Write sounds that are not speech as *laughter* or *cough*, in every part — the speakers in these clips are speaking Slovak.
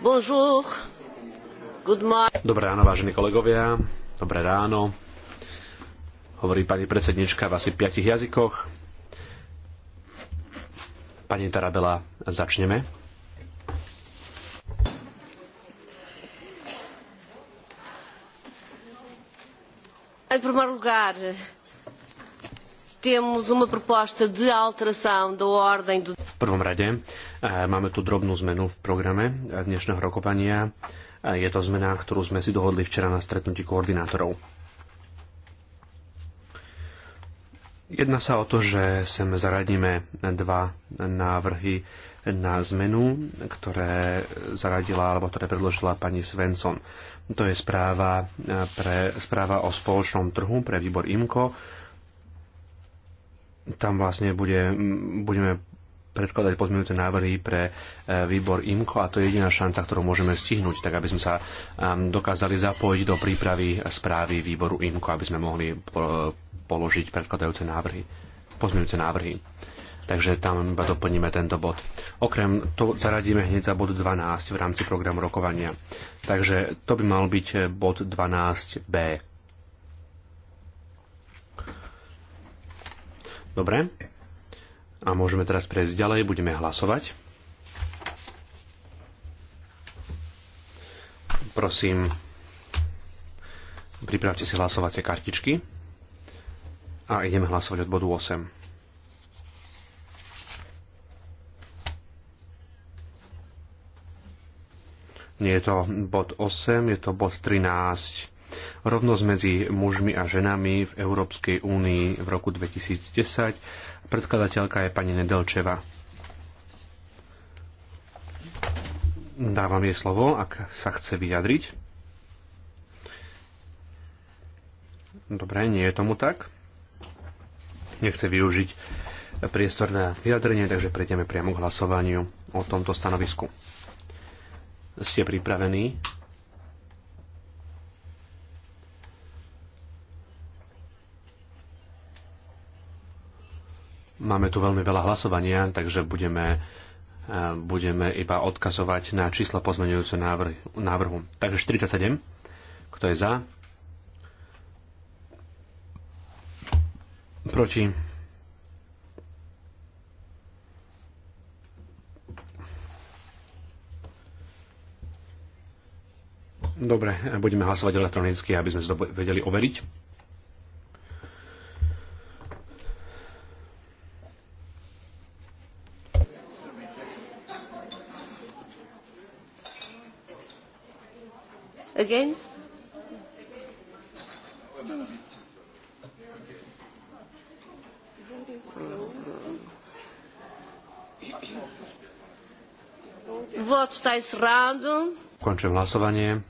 Bonjour. Good morning. Dobré ráno, vážení kolegovia. Dobré ráno. Hovorí pani predsednička v asi piatich jazykoch. Pani Tarabela, začneme. Em lugar, temos uma proposta de alteração da ordem do... V prvom rade eh, máme tu drobnú zmenu v programe eh, dnešného rokovania. Eh, je to zmena, ktorú sme si dohodli včera na stretnutí koordinátorov. Jedná sa o to, že sem zaradíme dva návrhy na zmenu, ktoré zaradila alebo ktoré predložila pani Svensson. To je správa, pre, správa o spoločnom trhu pre výbor IMCO tam vlastne bude, budeme predkladať pozmeňujúce návrhy pre e, výbor IMKO a to je jediná šanca, ktorú môžeme stihnúť, tak aby sme sa dokázali zapojiť do prípravy správy výboru IMKO, aby sme mohli e, položiť predkladajúce návrhy, pozmeňujúce návrhy. Takže tam iba doplníme tento bod. Okrem to zaradíme hneď za bod 12 v rámci programu rokovania. Takže to by mal byť e, bod 12b. Dobre. A môžeme teraz prejsť ďalej, budeme hlasovať. Prosím, pripravte si hlasovacie kartičky a ideme hlasovať od bodu 8. Nie je to bod 8, je to bod 13. Rovnosť medzi mužmi a ženami v Európskej únii v roku 2010. Predkladateľka je pani Nedelčeva. Dávam jej slovo, ak sa chce vyjadriť. Dobre, nie je tomu tak. Nechce využiť priestor na vyjadrenie, takže prejdeme priamo k hlasovaniu o tomto stanovisku. Ste pripravení? Máme tu veľmi veľa hlasovania, takže budeme, e, budeme iba odkazovať na čísla pozmeňujúce návrh, návrhu. Takže 47. Kto je za? Proti? Dobre, budeme hlasovať elektronicky, aby sme to vedeli overiť. Against? Vote está encerrado. Končím hlasovanie.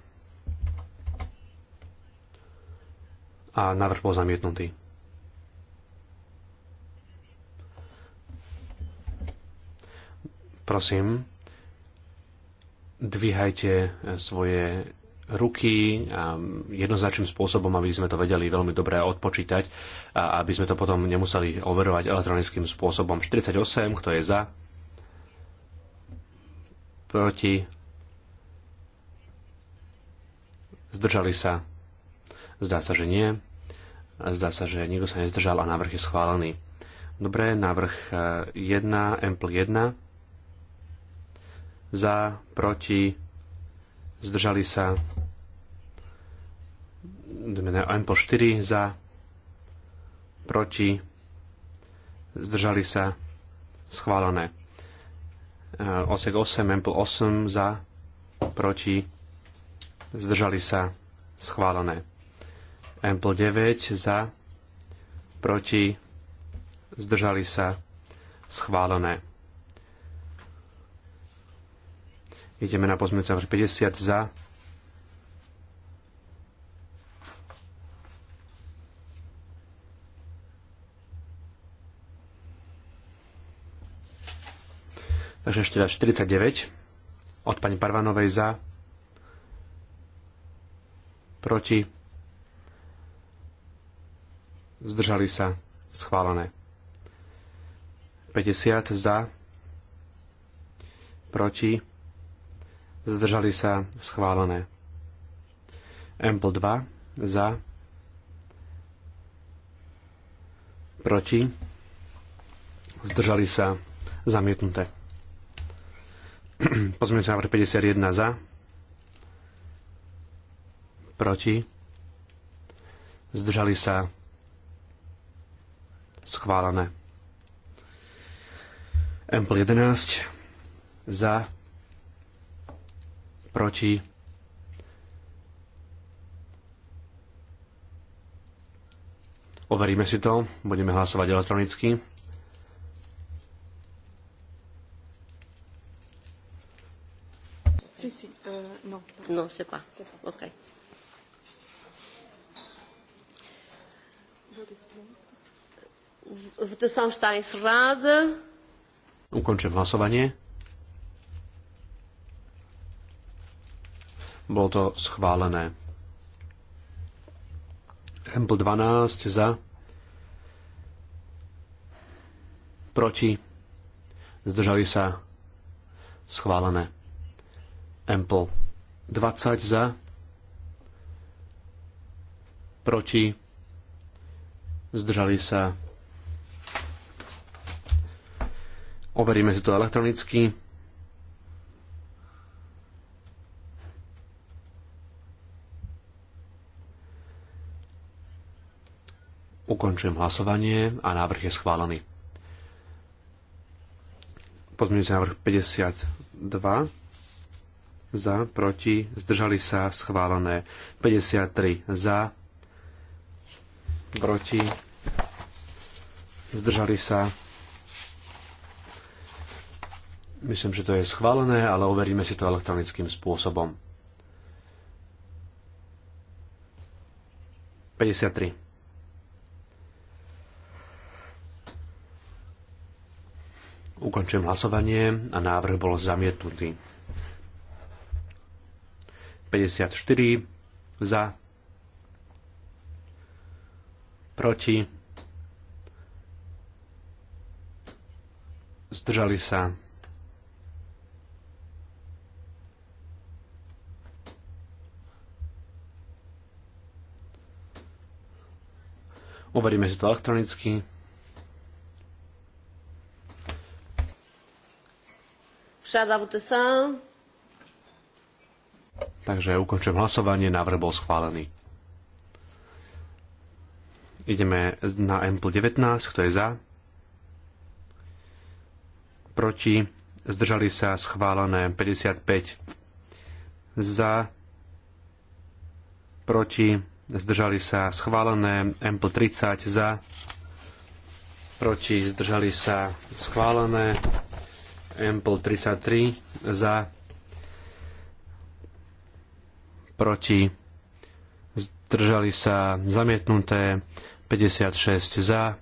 A návrh bol zamietnutý. Prosím, dvíhajte svoje ruky jednoznačným spôsobom, aby sme to vedeli veľmi dobre odpočítať a aby sme to potom nemuseli overovať elektronickým spôsobom. 48, kto je za? Proti? Zdržali sa? Zdá sa, že nie. Zdá sa, že nikto sa nezdržal a návrh je schválený. Dobre, návrh 1, Ample 1. Za, proti, zdržali sa M po 4 za, proti, zdržali sa schválené. E, Osek 8, M 8 za, proti, zdržali sa schválené. M 9 za, proti, zdržali sa schválené. Ideme na pozmeňujúci návrh 50 za. Takže ešte raz 49 od pani Parvanovej za. Proti. Zdržali sa. Schválené. 50 za. Proti zdržali sa schválené. Ample 2 za, proti, zdržali sa zamietnuté. *clears throat* Pozmeňujúci návrh 51 za, proti, zdržali sa schválené. Ample 11 za, proti, overíme si to, budeme hlasovať elektronicky. Si, si, c'est pas. pas. Ok. Votação está encerrada. Ukončím hlasovanie. Bolo to schválené. Ample 12 za. Proti. Zdržali sa. Schválené. Ample 20 za. Proti. Zdržali sa. Overíme si to elektronicky. Ukončujem hlasovanie a návrh je schválený. Pozmeňujúci návrh 52 za, proti, zdržali sa, schválené. 53 za, proti, zdržali sa. Myslím, že to je schválené, ale overíme si to elektronickým spôsobom. 53. Ukončujem hlasovanie a návrh bol zamietnutý. 54 za, proti, zdržali sa. Overíme si to elektronicky. Fechada votação. Takže ukončujem hlasovanie, návrh bol schválený. Ideme na Ample 19, kto je za? Proti? Zdržali sa schválené 55 za, proti, zdržali sa schválené Ample 30 za, proti, zdržali sa schválené Ample 33 za proti zdržali sa zamietnuté 56 za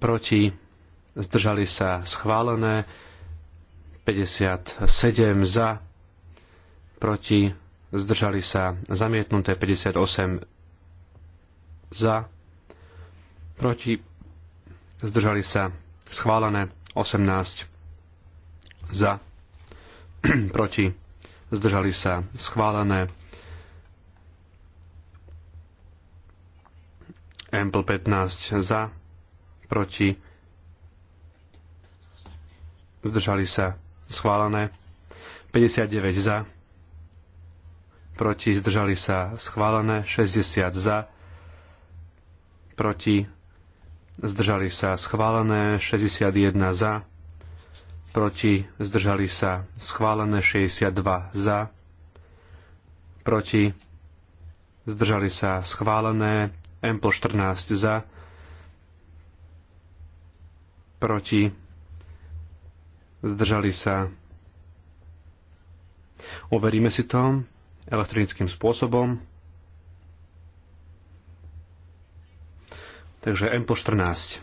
proti zdržali sa schválené 57 za proti zdržali sa zamietnuté 58 za proti zdržali sa schválené 18 *clears throat* za, proti, zdržali sa schválené. Ample 15 za, proti, zdržali sa schválené. 59 za, proti, zdržali sa schválené. 60 za, proti, zdržali sa schválené, 61 za, proti, zdržali sa schválené, 62 za, proti, zdržali sa schválené, M 14 za, proti, zdržali sa. Overíme si to elektronickým spôsobom. Takže M po 14.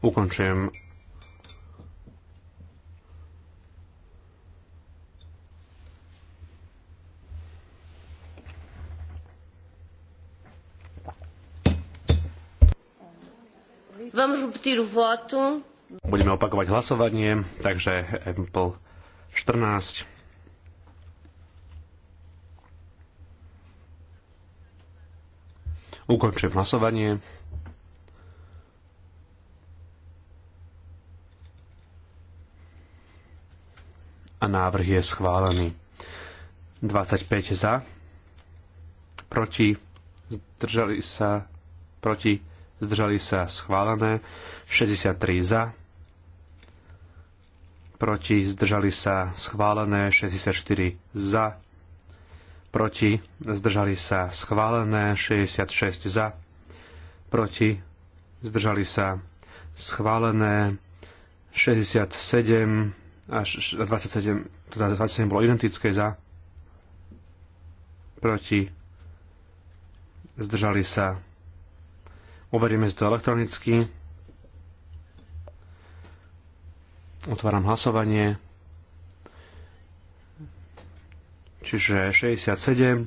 Ukončujem Budeme opakovať hlasovanie, takže Apple 14. Ukončujem hlasovanie. A návrh je schválený. 25 za, proti, zdržali sa, proti zdržali sa schválené, 63 za, proti zdržali sa schválené, 64 za, proti zdržali sa schválené, 66 za, proti zdržali sa schválené, 67 až 27, teda 27 bolo identické za, proti zdržali sa Overíme si to elektronicky. Otváram hlasovanie. Čiže 67.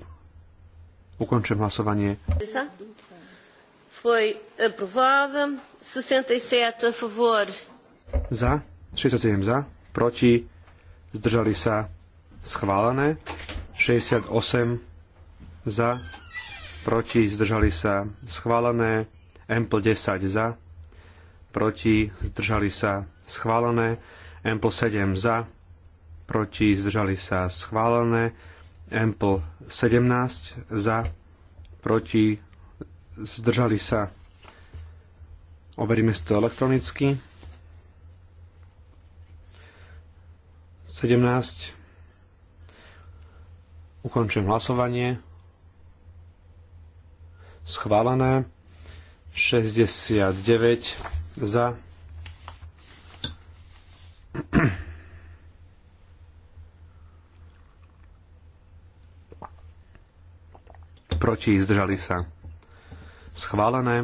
ukončím hlasovanie. Foi aprovado. 67 e a favor. Za. 67 za. Proti. Zdržali sa. Schválené. 68 za. Proti. Zdržali sa. Schválené. Ample 10 za, proti, zdržali sa, schválené. Ample 7 za, proti, zdržali sa, schválené. Ample 17 za, proti, zdržali sa. Overíme si to elektronicky. 17. Ukončím hlasovanie. Schválené. 69 za. Proti zdržali sa. Schválené.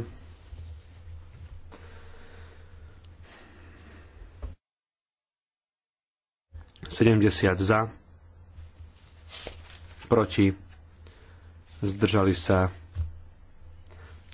Sedemdesiat za. Proti zdržali sa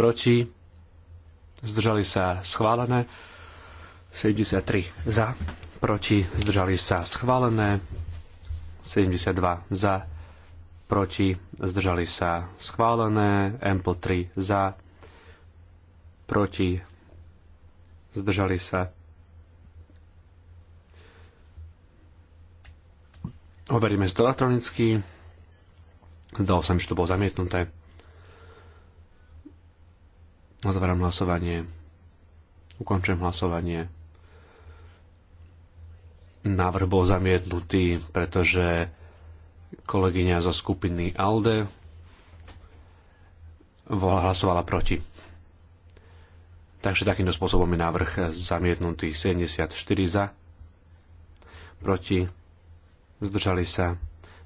proti, zdržali sa schválené, 73 za, proti, zdržali sa schválené, 72 za, proti, zdržali sa schválené, MPO 3 za, proti, zdržali sa. Overíme si to elektronicky. Zdalo sa mi, že to bolo zamietnuté. Otváram hlasovanie. Ukončujem hlasovanie. Návrh bol zamietnutý, pretože kolegyňa zo skupiny ALDE hlasovala proti. Takže takýmto spôsobom je návrh zamietnutý 74 za, proti, zdržali sa,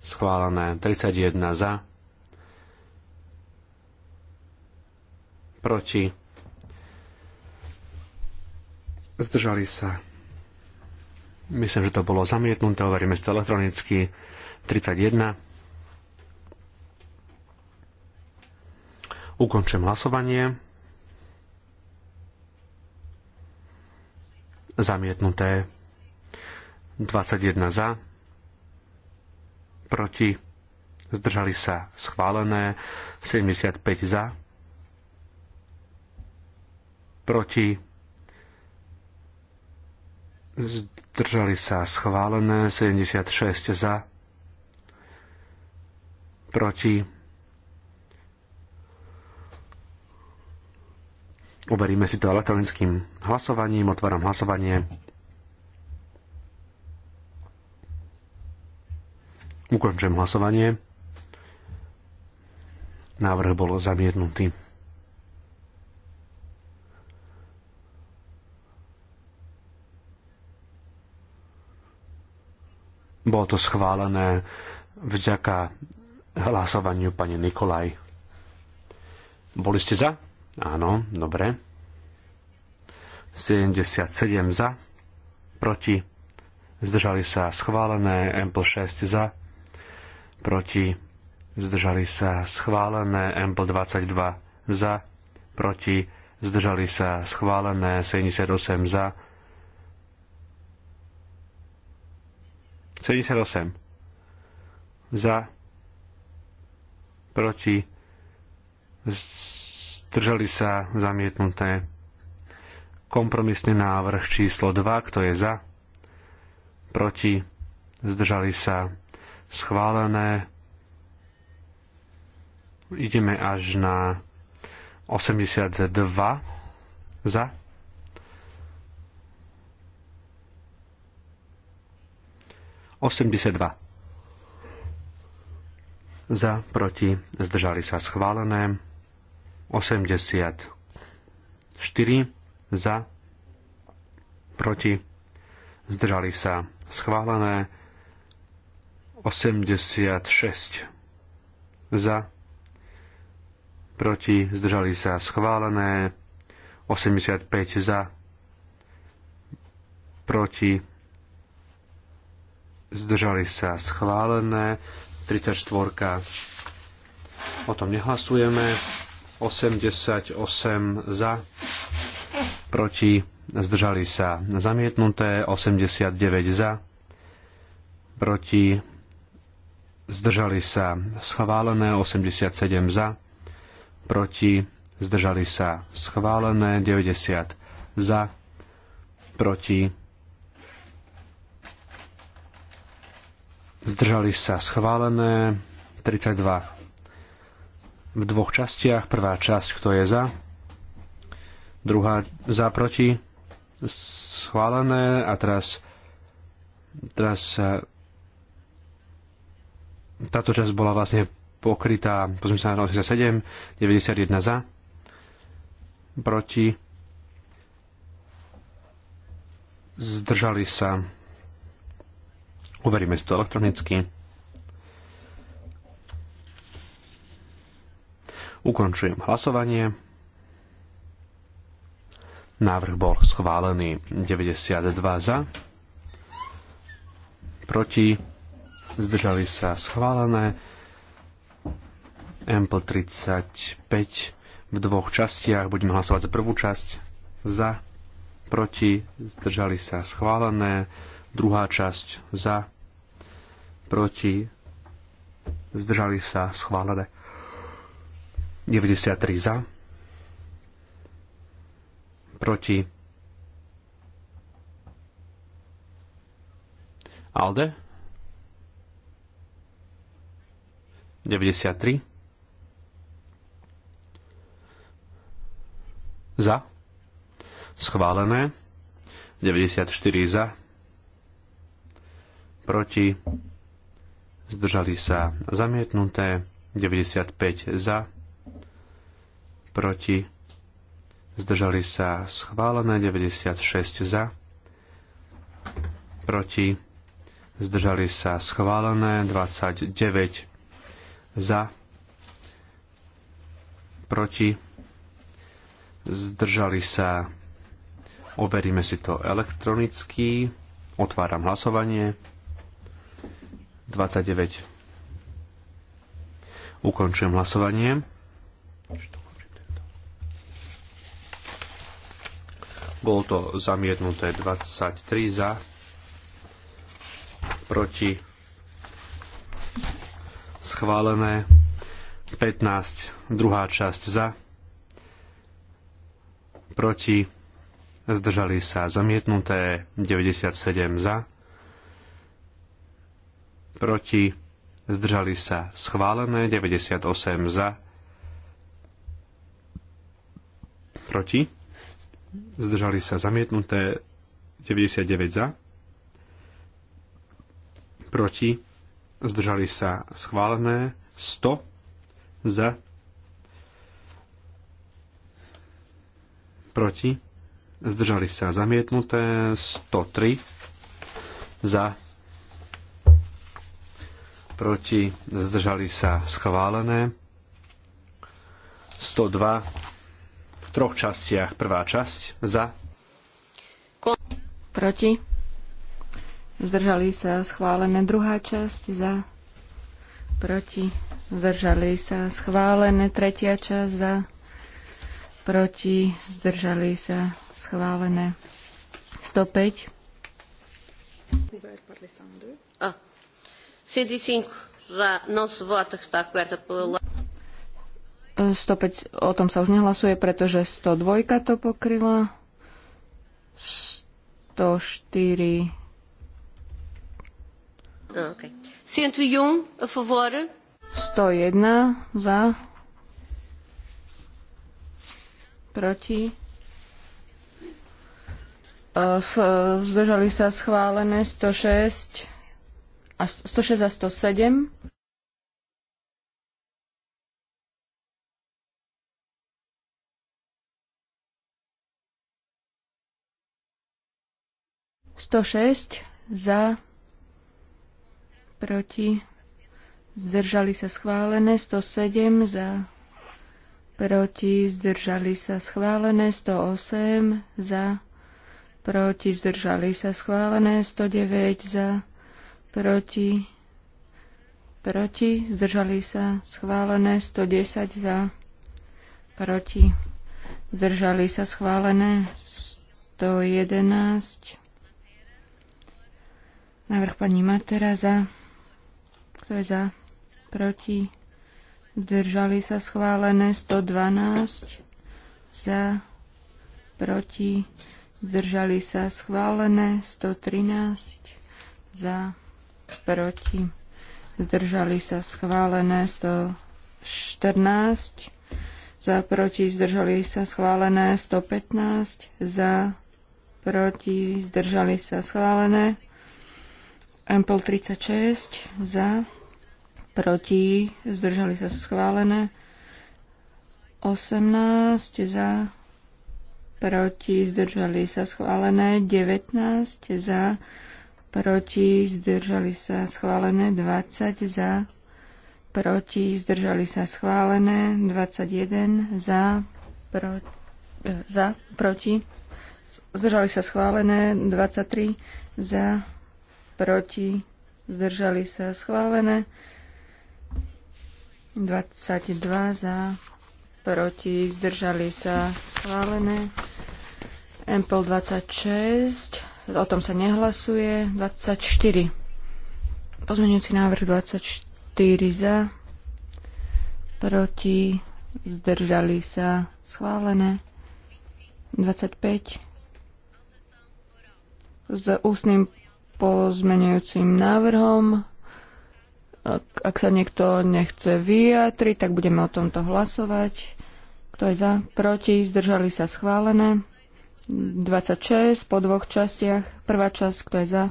schválené 31 za, proti, zdržali sa. Myslím, že to bolo zamietnuté, overíme to elektronicky. 31. Ukončím hlasovanie. Zamietnuté. 21 za. Proti. Zdržali sa schválené. 75 za proti, zdržali sa schválené, 76 za, proti, Overíme si to elektronickým hlasovaním. Otváram hlasovanie. Ukončujem hlasovanie. Návrh bol zamietnutý. Bolo to schválené vďaka hlasovaniu pani Nikolaj. Boli ste za? Áno, dobre. 77 za, proti, zdržali sa schválené, M 6 za, proti, zdržali sa schválené, mp 22 za, proti, zdržali sa schválené, 78 za, 78 za, proti, zdržali sa zamietnuté. Kompromisný návrh číslo 2, kto je za, proti, zdržali sa schválené. Ideme až na 82 za, 82. Za, proti, zdržali sa schválené. 84. Za, proti, zdržali sa schválené. 86. Za, proti, zdržali sa schválené. 85 za, proti, zdržali sa schválené, 34 o tom nehlasujeme, 88 za, proti, zdržali sa zamietnuté, 89 za, proti, zdržali sa schválené, 87 za, proti, zdržali sa schválené, 90 za, proti, zdržali sa schválené 32 v dvoch častiach. Prvá časť, kto je za, druhá za proti, schválené a teraz, teraz e, táto časť bola vlastne pokrytá pozrieme sa na 87, 91 za, proti, zdržali sa Overíme si to elektronicky. Ukončujem hlasovanie. Návrh bol schválený 92 za, proti, zdržali sa schválené, Ample 35 v dvoch častiach, budeme hlasovať za prvú časť, za, proti, zdržali sa schválené, druhá časť za, proti, zdržali sa schválené. 93 za, proti. Alde? 93 za, schválené. 94 za, proti zdržali sa zamietnuté, 95 za, proti, zdržali sa schválené, 96 za, proti, zdržali sa schválené, 29 za, proti, zdržali sa, overíme si to elektronicky, otváram hlasovanie, 29. Ukončujem hlasovanie. Bolo to zamietnuté 23 za, proti schválené 15, druhá časť za, proti zdržali sa zamietnuté 97 za, proti, zdržali sa schválené, 98 za, proti, zdržali sa zamietnuté, 99 za, proti, zdržali sa schválené, 100 za, proti, zdržali sa zamietnuté, 103 za, proti, zdržali sa schválené. 102 v troch častiach. Prvá časť za. Proti. Zdržali sa schválené. Druhá časť za. Proti. Zdržali sa schválené. Tretia časť za. Proti. Zdržali sa schválené. 105. Ah. 105 já não se está coberta pela 105 o tom sa už nehlasuje, pretože 102 to pokryla. 104 okay. 101 a favor. 101 za. Proti. Zdržali sa schválené 106 a 106 a 107. Sto šesť za, proti, zdržali sa schválené, sto sedem za, proti, zdržali sa schválené, sto osem za, proti, zdržali sa schválené, sto deväť za, proti, proti, zdržali sa, schválené 110 za, proti, zdržali sa, schválené 111. Návrh pani Matera za. Kto je za? Proti. Zdržali sa schválené 112. Za. Proti. Zdržali sa schválené 113. Za proti, zdržali sa schválené 114, za proti, zdržali sa schválené 115, za proti, zdržali sa schválené. Ample 36 za, proti, zdržali sa schválené. 18 za, proti, zdržali sa schválené. 19 za, proti, zdržali sa schválené, 20 za, proti, zdržali sa schválené, 21 za, pro, e, za proti, zdržali sa schválené, 23 za, proti, zdržali sa schválené, 22 za, proti, zdržali sa schválené, MPL 26 O tom sa nehlasuje. 24. Pozmeňujúci návrh 24 za. Proti. Zdržali sa. Schválené. 25. S ústnym pozmeňujúcim návrhom. Ak, ak sa niekto nechce vyjadriť, tak budeme o tomto hlasovať. Kto je za? Proti? Zdržali sa schválené. 26 po dvoch častiach. Prvá časť, kto je za,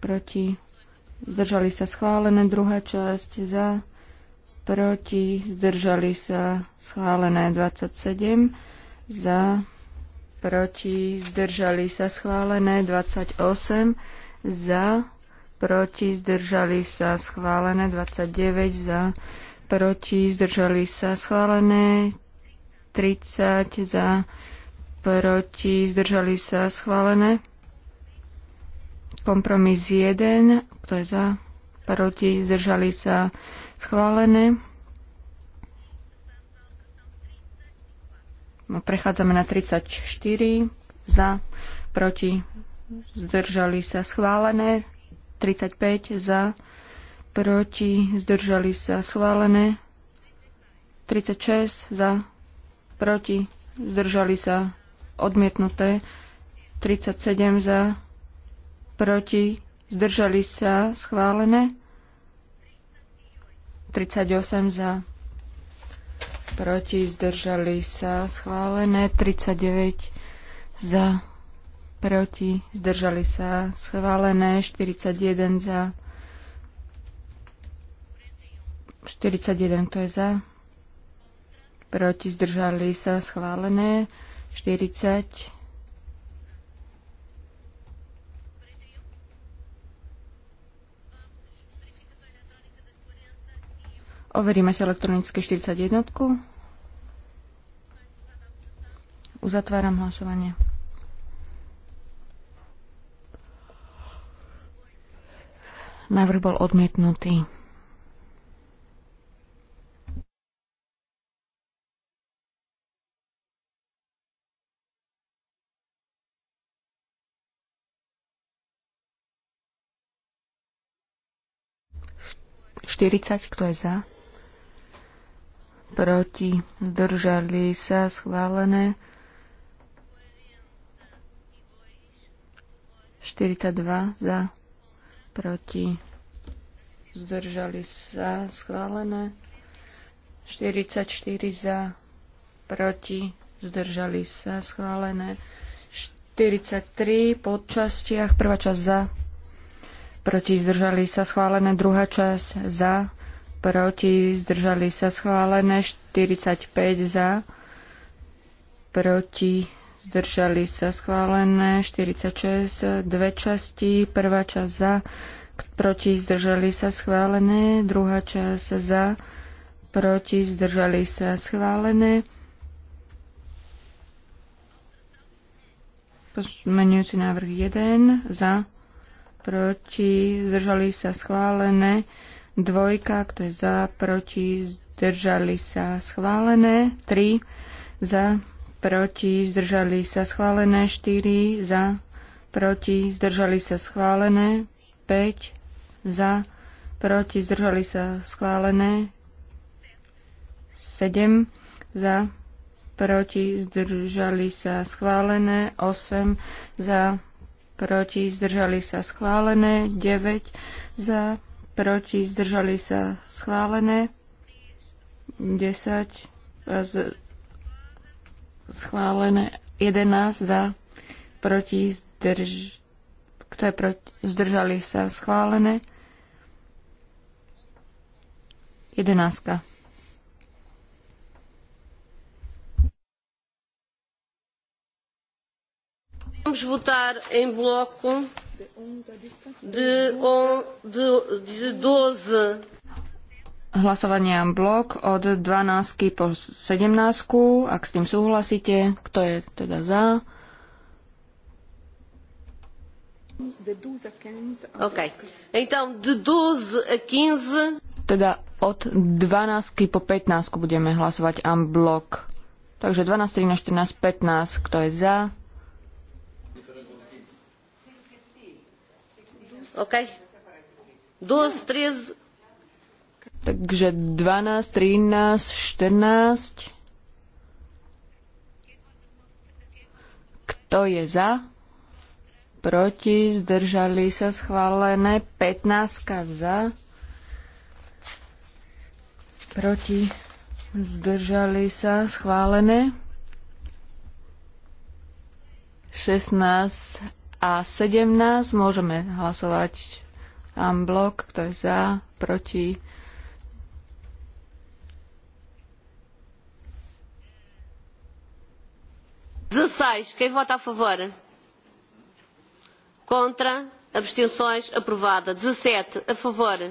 proti, zdržali sa schválené. Druhá časť za, proti, zdržali sa schválené. 27 za, proti, zdržali sa schválené. 28 za, proti, zdržali sa schválené. 29 za, proti, zdržali sa schválené. 30 za, proti, zdržali sa schválené. Kompromis 1, kto je za, proti, zdržali sa schválené. No, prechádzame na 34, za, proti, zdržali sa schválené. 35 za, proti, zdržali sa schválené. 36 za, proti, zdržali sa odmietnuté 37 za, proti, zdržali sa, schválené 38 za, proti, zdržali sa, schválené 39 za, proti, zdržali sa, schválené 41 za, 41 to je za, proti, zdržali sa, schválené 40. Overíme si elektronické 41. Uzatváram hlasovanie. Návrh bol odmietnutý. 40, kto je za? Proti. Zdržali sa. Schválené. 42 za. Proti. Zdržali sa. Schválené. 44 za. Proti. Zdržali sa. Schválené. 43 po častiach. Prvá časť za proti zdržali sa schválené, druhá časť za, proti zdržali sa schválené, 45 za, proti zdržali sa schválené, 46, dve časti, prvá časť za, proti zdržali sa schválené, druhá časť za, proti zdržali sa schválené. Pozmenujúci návrh 1 za, proti, zdržali sa schválené. Dvojka, kto je za, proti, zdržali sa schválené. tri za, proti, zdržali sa schválené. štyri za, proti, zdržali sa schválené. 5 za, proti, zdržali sa schválené. sedem za, proti, zdržali sa schválené. osem za, proti, zdržali sa schválené, 9 za, proti, zdržali sa schválené, 10 z, schválené, 11 za, proti, zdrž, kto je proti, zdržali sa schválené, 11. Vamos votar em bloco de, on, de, de 12. Hlasovania blok od 12 po 17, ak s tým súhlasíte, kto je teda za. OK. Então, de 12 a 15. Teda od 12 po 15 budeme hlasovať en blok. Takže 12, 13, 14, 15, kto je za? Takže 12, 13, 14... Kto je za? Proti? Zdržali sa schválené. 15 za. Proti? Zdržali sa schválené. 16 a 17 môžeme hlasovať unblock, kto je za, proti. Dezesseis, quem vota a favor? Contra, abstenções, aprovada. 17, a favor?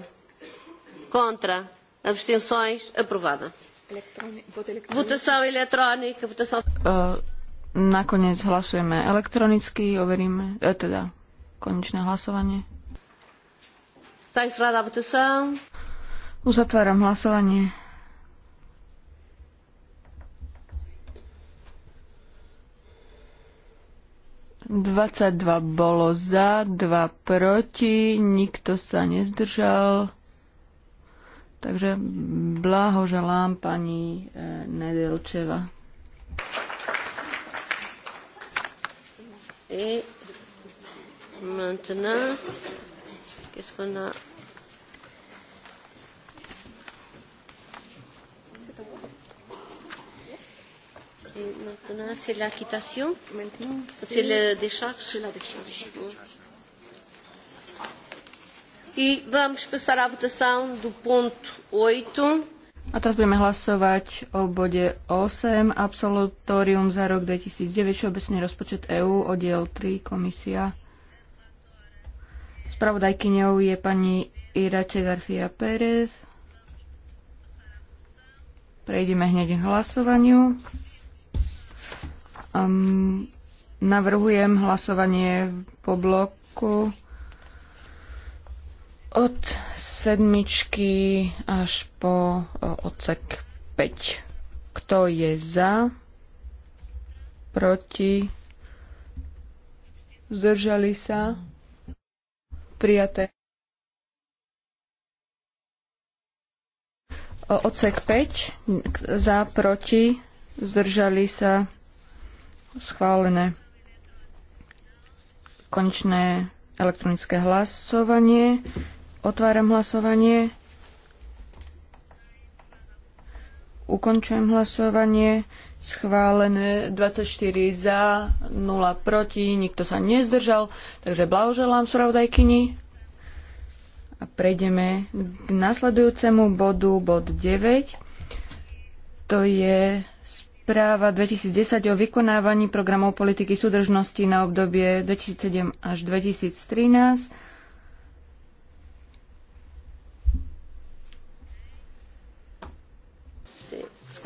Contra, abstenções, aprovada. Votação eletrónica, votação... Uh Nakoniec hlasujeme elektronicky, overíme, e, teda konečné hlasovanie. Uzatváram hlasovanie. dva bolo za, dva proti, nikto sa nezdržal. Takže blahoželám pani e, Nedelčeva. Et maintenant, qu'est-ce qu'on a Et maintenant, c'est l'acquittation c'est la décharge C'est la décharge. E vamos passar à votação do ponto 8 a teraz budeme hlasovať o bode 8, absolutórium za rok 2009, všeobecný rozpočet EÚ, oddiel 3, komisia. Spravodajkyňou je pani Irače García Pérez. Prejdeme hneď k hlasovaniu. Um, navrhujem hlasovanie po bloku od sedmičky až po e, odsek 5. Kto je za? Proti? Zdržali sa? Prijaté. E, odsek 5. Za, proti? Zdržali sa? Schválené. Konečné elektronické hlasovanie. Otváram hlasovanie. Ukončujem hlasovanie. Schválené 24 za, 0 proti, nikto sa nezdržal, takže blahoželám spravodajkyni. A prejdeme k nasledujúcemu bodu, bod 9. To je správa 2010 o vykonávaní programov politiky súdržnosti na obdobie 2007 až 2013.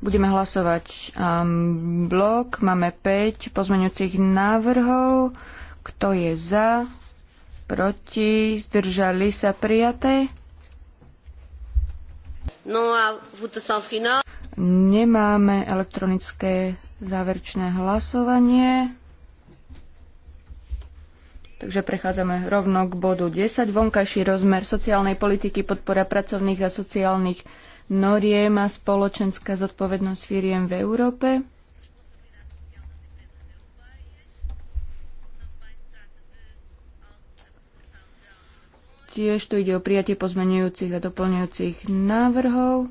Budeme hlasovať um, blok. Máme 5 pozmeňujúcich návrhov. Kto je za? Proti? Zdržali sa prijaté? No a Nemáme elektronické záverečné hlasovanie. Takže prechádzame rovno k bodu 10. Vonkajší rozmer sociálnej politiky, podpora pracovných a sociálnych noriem a spoločenská zodpovednosť firiem v Európe. Tiež tu ide o prijatie pozmenujúcich a doplňujúcich návrhov.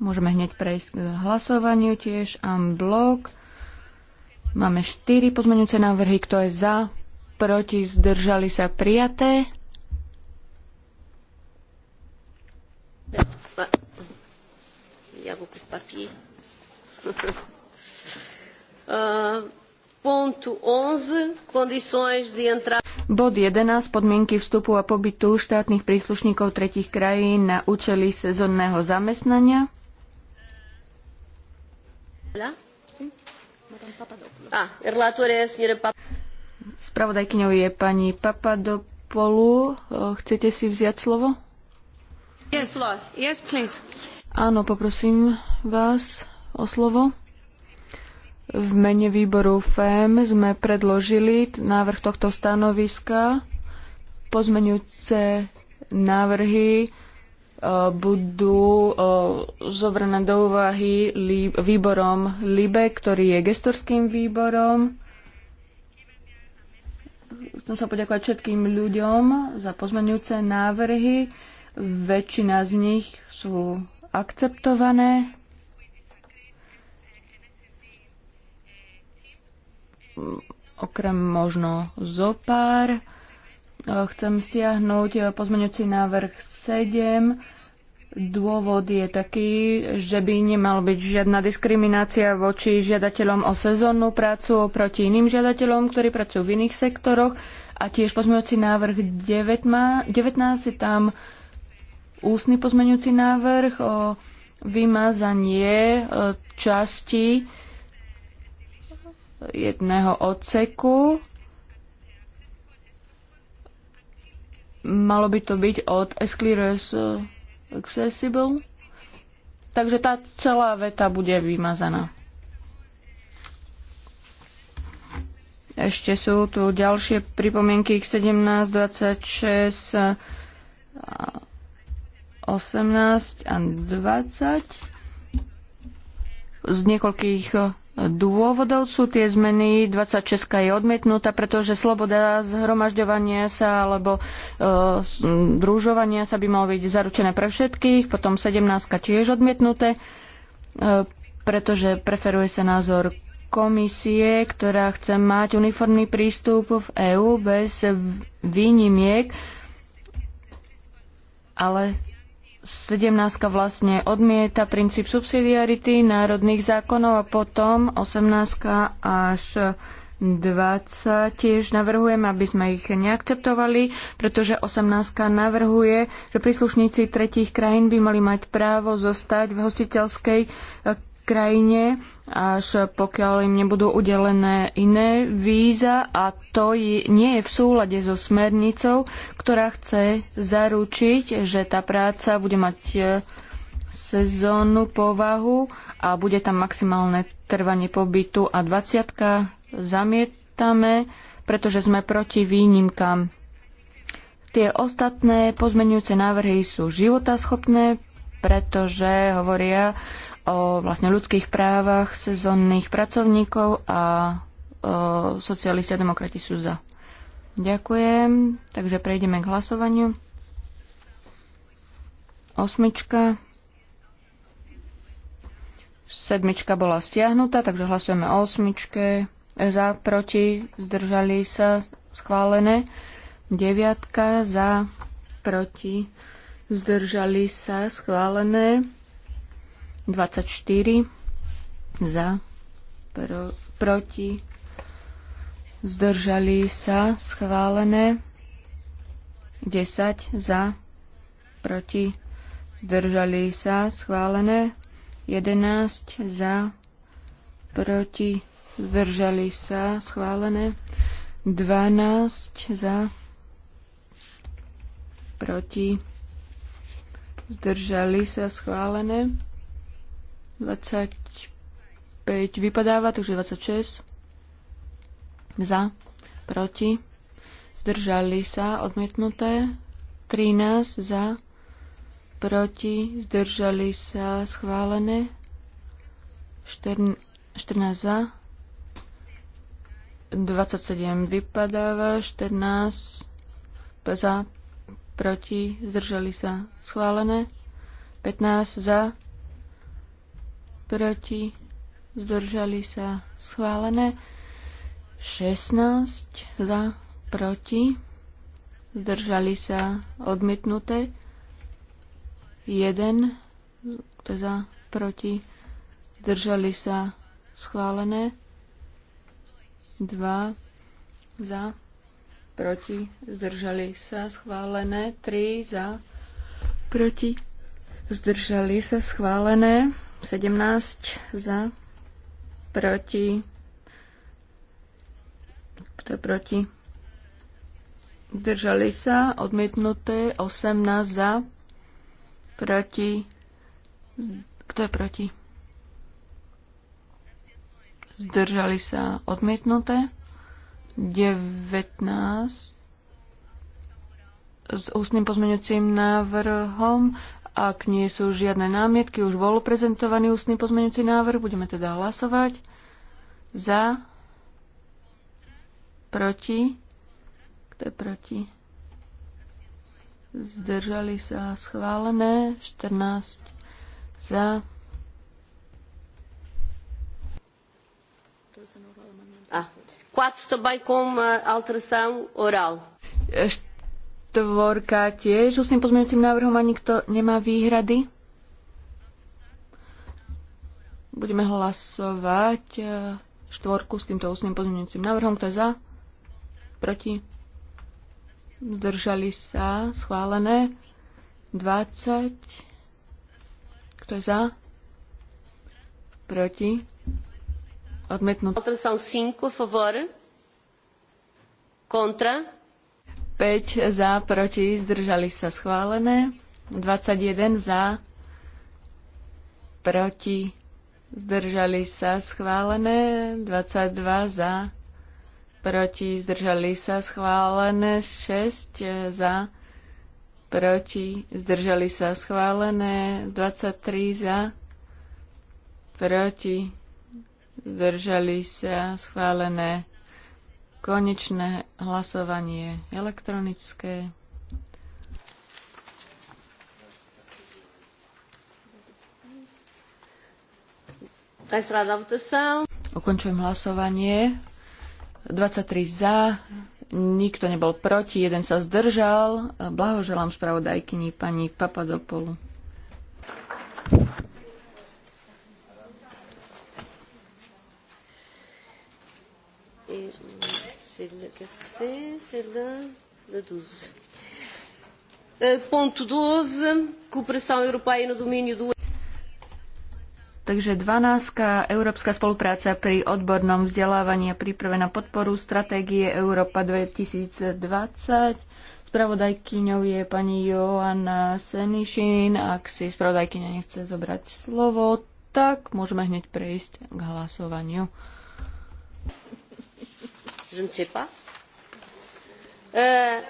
Môžeme hneď prejsť k hlasovaniu tiež. Unblock. Máme 4 pozmenujúce návrhy. Kto je za? Proti? Zdržali sa? Prijaté? Il y a beaucoup de papiers. *laughs* uh, ponto 11, condições de entrada. Bod 11. Podmienky vstupu a pobytu štátnych príslušníkov tretich krajín na účely sezónneho zamestnania. Ah, Spravodajkyňou je pani Papadopoulou. Eh, chcete si vziať slovo? Yes, Lord. Yes, please. Áno, poprosím vás o slovo. V mene výboru FEM sme predložili návrh tohto stanoviska. Pozmeňujúce návrhy e, budú e, zobrané do úvahy výborom LIBE, ktorý je gestorským výborom. Chcem sa poďakovať všetkým ľuďom za pozmeňujúce návrhy. Väčšina z nich sú akceptované. Okrem možno zopár. Eh, chcem stiahnuť eh, pozmeňujúci návrh 7. Dôvod je taký, že by nemal byť žiadna diskriminácia voči žiadateľom o sezónnu prácu oproti iným žiadateľom, ktorí pracujú v iných sektoroch. A tiež pozmeňujúci návrh 19, 19 je tam ústny pozmeňujúci návrh o vymazanie e, časti jedného odseku. Malo by to byť od Esclires e, Accessible. Takže tá celá veta bude vymazaná. Ešte sú tu ďalšie pripomienky k 17, 26, 18 a 20. Z niekoľkých dôvodov sú tie zmeny. 26 je odmietnutá, pretože sloboda zhromažďovania sa alebo e, družovania sa by malo byť zaručené pre všetkých. Potom 17 tiež odmietnuté, e, pretože preferuje sa názor komisie, ktorá chce mať uniformný prístup v EÚ bez výnimiek, ale 17 vlastne odmieta princíp subsidiarity národných zákonov a potom 18 až 20 tiež navrhujem, aby sme ich neakceptovali, pretože 18 navrhuje, že príslušníci tretích krajín by mali mať právo zostať v hostiteľskej krajine, až pokiaľ im nebudú udelené iné víza a to nie je v súlade so smernicou, ktorá chce zaručiť, že tá práca bude mať e, sezónnu povahu a bude tam maximálne trvanie pobytu a 20 zamietame, pretože sme proti výnimkám. Tie ostatné pozmenujúce návrhy sú životaschopné, pretože hovoria, o vlastne ľudských právach sezónnych pracovníkov a socialisti a demokrati sú za. Ďakujem. Takže prejdeme k hlasovaniu. Osmička. Sedmička bola stiahnutá, takže hlasujeme o osmičke. Za, proti, zdržali sa, schválené. Deviatka, za, proti, zdržali sa, schválené. 24 za, pro, proti, zdržali sa, schválené. 10 za, proti, zdržali sa, schválené. 11 za, proti, zdržali sa, schválené. 12 za, proti, zdržali sa, schválené. 25 vypadáva, takže 26 za, proti, zdržali sa, odmietnuté, 13 za, proti, zdržali sa, schválené, 14, za, 27 vypadáva, 14 za, proti, zdržali sa, schválené, 15 za, proti, zdržali sa schválené, 16 za, proti, zdržali sa odmietnuté, 1 za, proti, zdržali sa schválené, 2 za, proti, zdržali sa schválené, 3 za, proti, zdržali sa schválené, 17 za, proti, kto je proti? Držali sa, odmietnuté, 18 za, proti, kto je proti? Zdržali sa, odmietnuté, 19 s ústnym pozmeňujúcim návrhom ak nie sú žiadne námietky, už bol prezentovaný ústny pozmeňujúci návrh, budeme teda hlasovať. Za, proti, kto je proti? Zdržali sa schválené, 14 za. Ah, 4 com alteração oral. E Štvorka tiež tým pozmeňujúcim návrhom a nikto nemá výhrady. Budeme hlasovať e, štvorku s týmto ústnym pozmeňujúcim návrhom. Kto je za? Proti? Zdržali sa? Schválené. 20. Kto je za? Proti? Odmetnúť. Otrasal 5, favor. Kontra. 5 za, proti, zdržali sa schválené. 21 za, proti, zdržali sa schválené. 22 za, proti, zdržali sa schválené. 6 za, proti, zdržali sa schválené. 23 za, proti, zdržali sa schválené konečné hlasovanie elektronické. Ukončujem hlasovanie. 23 za, nikto nebol proti, jeden sa zdržal. Blahoželám spravodajkyni pani Papadopolu. c'est le, qu'est-ce que c'est le, le 12. Euh, ponto 12, cooperação europeia no domínio do... Takže 12. Európska spolupráca pri odbornom vzdelávaní a príprave na podporu stratégie Európa 2020. Spravodajkyňou je pani Joana Senišin. Ak si spravodajkyňa nechce zobrať slovo, tak môžeme hneď prejsť k hlasovaniu. Je ne sais pas. Euh,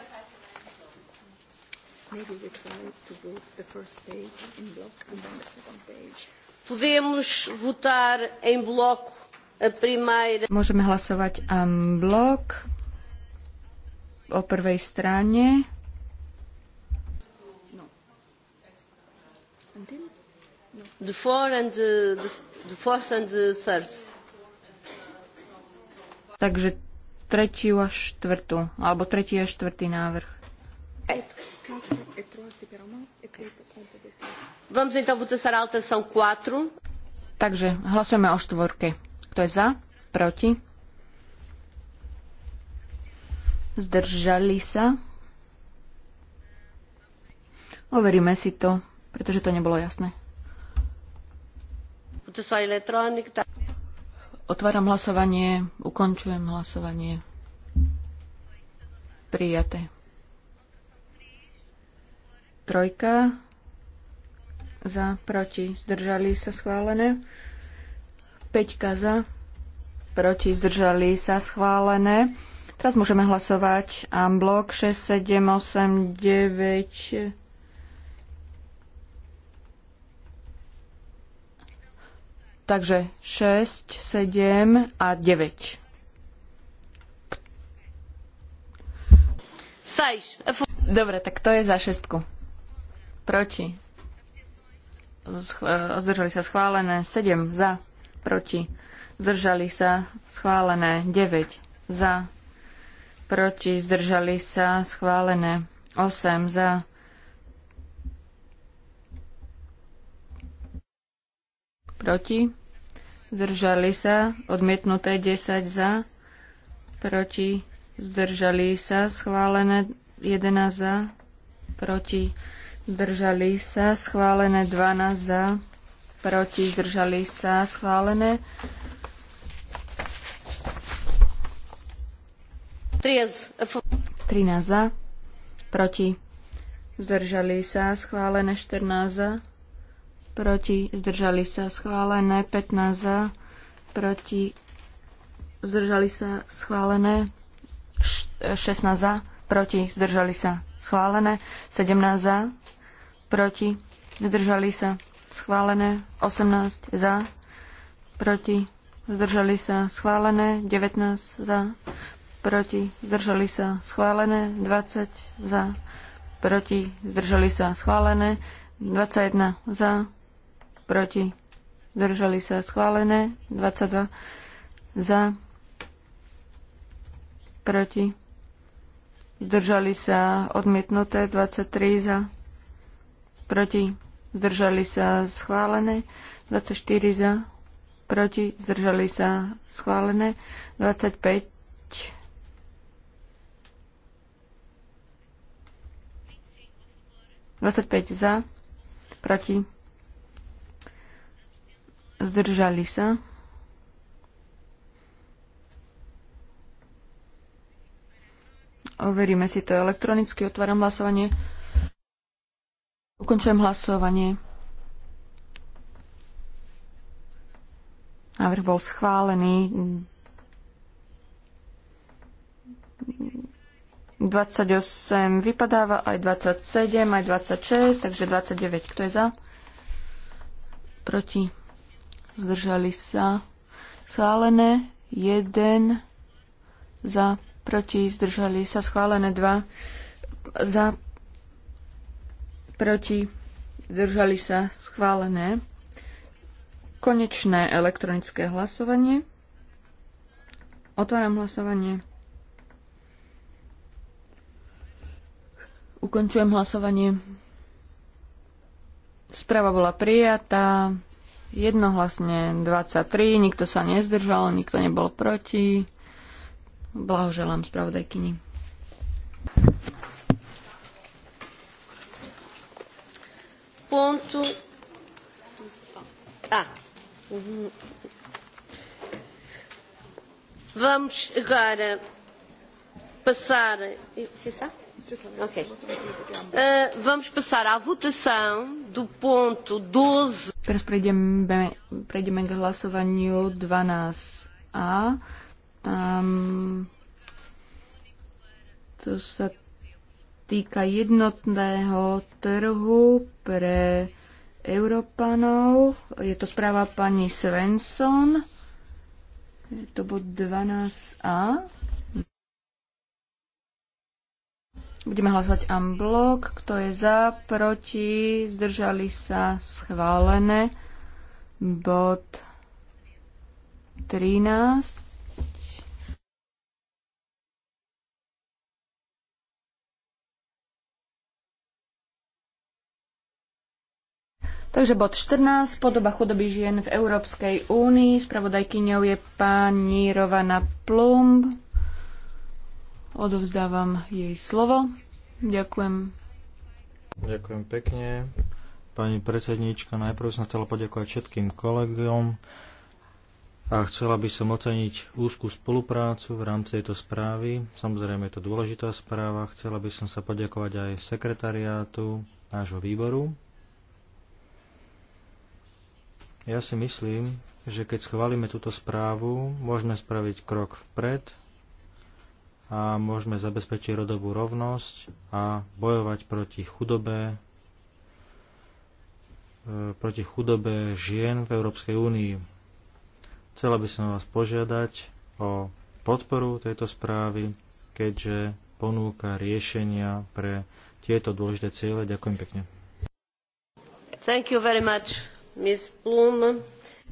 podemos votar em bloco a primeira. Môžeme hlasovať en bloc o prvej strane. The four and the, the, the fourth and the third. Takže tretiu a štvrtú, alebo tretí a štvrtý návrh. Vamos então votação a alteração 4. Takže hlasujeme o štvorke. Kto je za? Proti? Zdržali sa? Overíme si to, pretože to nebolo jasné. Votação eletrônica. Otváram hlasovanie, ukončujem hlasovanie. Prijaté. Trojka. Za, proti, zdržali sa schválené. Peťka za, proti, zdržali sa schválené. Teraz môžeme hlasovať Amblok 6, 7, 8, 9, Takže 6, 7 a 9. Dobre, tak to je za šestku. Proti. Zdržali sa schválené. 7 za. Proti. Zdržali sa schválené. 9 za. Proti. Zdržali sa schválené. 8 za. proti, zdržali sa, odmietnuté 10 za, proti, zdržali sa, schválené 11 za, proti, zdržali sa, schválené 12 za, proti, zdržali sa, schválené 13 za, proti, zdržali sa, schválené 14 za, proti, zdržali sa schválené, 15 za, proti, zdržali sa schválené, 16 za, proti, zdržali sa schválené, 17 za, proti, zdržali sa schválené, 18 za, proti, zdržali sa schválené, 19 za, proti, zdržali sa schválené, 20 za, proti, zdržali sa schválené, 21 za, proti, zdržali sa schválené, 22 za, proti, zdržali sa odmietnuté, 23 za, proti, zdržali sa schválené, 24 za, proti, zdržali sa schválené, 25 25 za, proti, Zdržali sa? Overíme si to elektronicky. Otváram hlasovanie. Ukončujem hlasovanie. Návrh bol schválený. 28 vypadáva aj 27, aj 26, takže 29. Kto je za? Proti? zdržali sa schválené 1 za proti zdržali sa schválené 2 za proti zdržali sa schválené konečné elektronické hlasovanie otváram hlasovanie ukončujem hlasovanie Správa bola prijatá jednohlasne 23, nikto sa nezdržal, nikto nebol proti. Blahoželám spravodajkyni. Pontu. Ah. Vamos agora passar. Se sabe? Ok. Uh, vamos passar à votação do ponto 12. Teraz prejdeme, prejdeme k hlasovaniu 12a. Tam to sa týka jednotného trhu pre Európanov. Je to správa pani Svensson. Je to bod 12a. Budeme hlasovať unblock. Kto je za, proti, zdržali sa, schválené. Bod 13. Takže bod 14, podoba chudoby žien v Európskej únii. Spravodajkyňou je pani Rovana Plumb. Odovzdávam jej slovo. Ďakujem. Ďakujem pekne. Pani predsednička, najprv som chcela poďakovať všetkým kolegom a chcela by som oceniť úzkú spoluprácu v rámci tejto správy. Samozrejme je to dôležitá správa. Chcela by som sa poďakovať aj sekretariátu nášho výboru. Ja si myslím, že keď schválime túto správu, môžeme spraviť krok vpred a môžeme zabezpečiť rodovú rovnosť a bojovať proti chudobe, e, proti chudobe žien v Európskej únii. Chcela by som vás požiadať o podporu tejto správy, keďže ponúka riešenia pre tieto dôležité ciele. Ďakujem pekne. Thank you very much, Ms. Plum.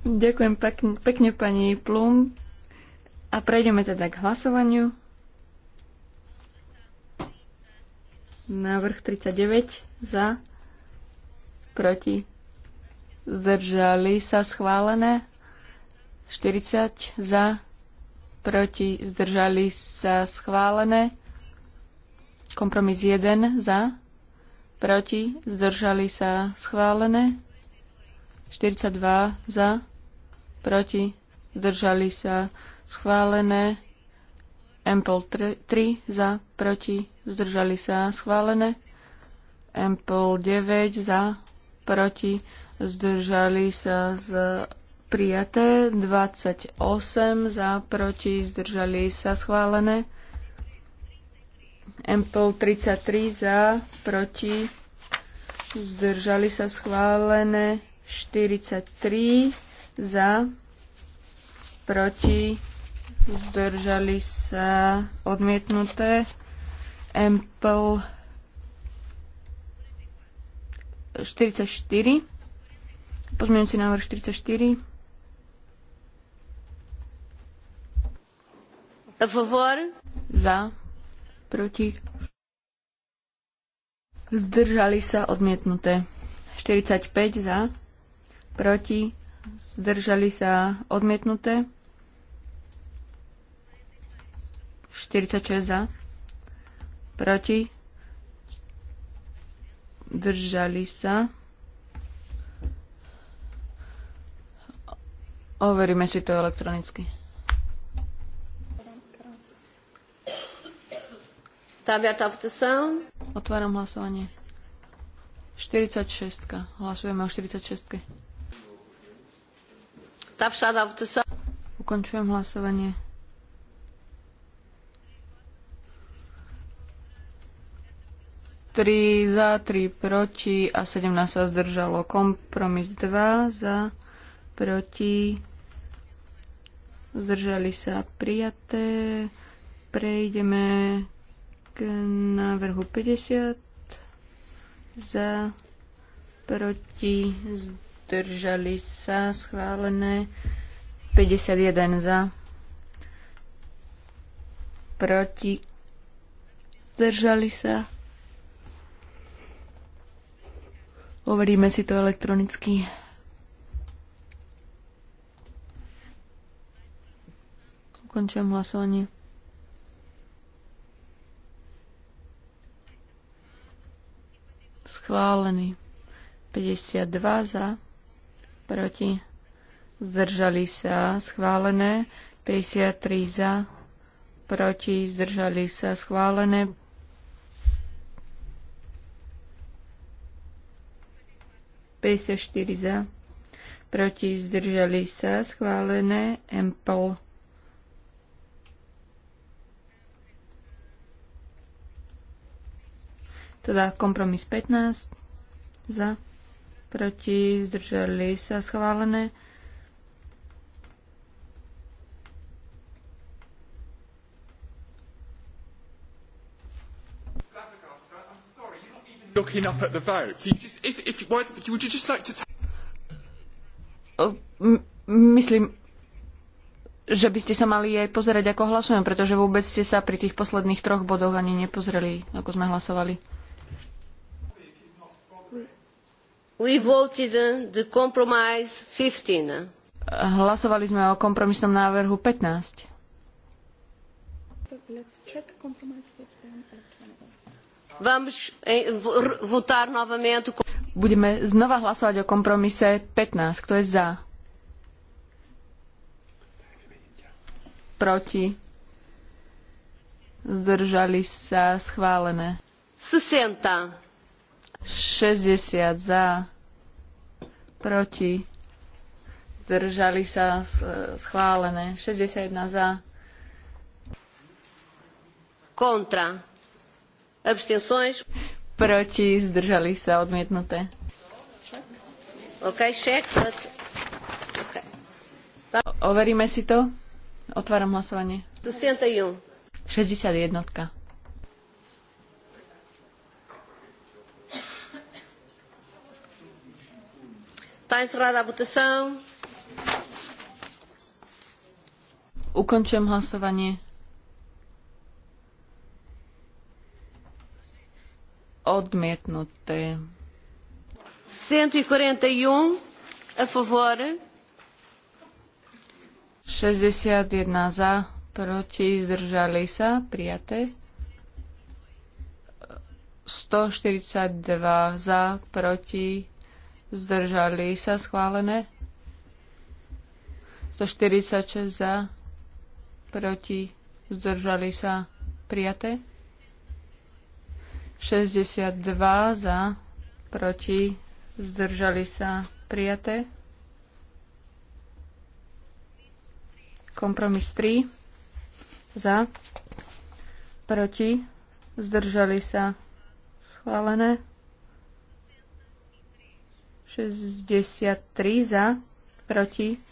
Ďakujem pekne, pekne pani Plum. A prejdeme teda k hlasovaniu. Návrh 39 za, proti, zdržali sa schválené. 40 za, proti, zdržali sa schválené. Kompromis 1 za, proti, zdržali sa schválené. 42 za, proti, zdržali sa schválené. Ample 3 za, proti, zdržali sa schválené. Ample 9 za, proti, zdržali sa z prijaté, 28 za, proti, zdržali sa schválené. Ample 33 za, proti, zdržali sa schválené, 43 za, proti, zdržali sa odmietnuté. Ample 44. Pozmeňujúci návrh 44. favor. Za. Proti. Zdržali sa odmietnuté. 45 za. Proti. Zdržali sa odmietnuté. 46 za proti, držali sa. Overíme si to elektronicky. Otváram hlasovanie. 46. Hlasujeme o 46. Ukončujem hlasovanie. 3 za, 3 proti a 17 sa zdržalo. Kompromis 2 za, proti, zdržali sa prijaté. Prejdeme k návrhu 50 za, proti, zdržali sa schválené. 51 za, proti, zdržali sa Overíme si to elektronicky. Ukončujem hlasovanie. Schválený. 52 za. Proti. Zdržali sa. Schválené. 53 za. Proti. Zdržali sa. Schválené. 54 za, proti zdržali sa, schválené MPOL. Teda kompromis 15 za, proti zdržali sa, schválené looking up at the votes. you just, if, if, why, would you just like to take... Oh, myslím, že by ste sa mali aj pozerať, ako hlasujem, pretože vôbec ste sa pri tých posledných troch bodoch ani nepozreli, ako sme hlasovali. We voted uh, the compromise 15. Hlasovali sme o kompromisnom návrhu 15. Let's check compromise 15. Eh, Budeme znova hlasovať o kompromise 15. Kto je za? Proti? Zdržali sa schválené. 60. 60 za. Proti? Zdržali sa schválené. 61 za. Kontra Abstenções? Proti, zdržali sa, odmietnuté. OK, check. But... Okay. Overíme si to. Otváram hlasovanie. 61. 61. Está encerrada a votação. Ukončujem hlasovanie. Odmietnuté. 141 e e um, a favor. 61 za, proti, zdržali sa, prijaté. 142 za, proti, zdržali sa, schválené. 146 za, proti, zdržali sa, prijaté. 62 za, proti, zdržali sa prijaté. Kompromis 3 za, proti, zdržali sa schválené. 63 za, proti,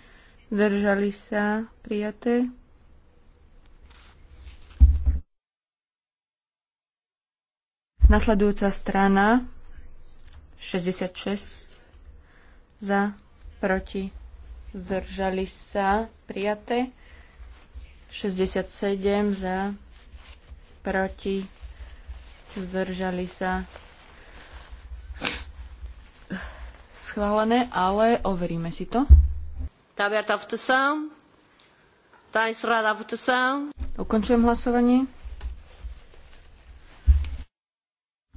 zdržali sa prijaté. Nasledujúca strana 66 za, proti, zdržali sa, prijaté. 67 za, proti, zdržali sa, schválené, ale overíme si to. votação. Ukončujem hlasovanie.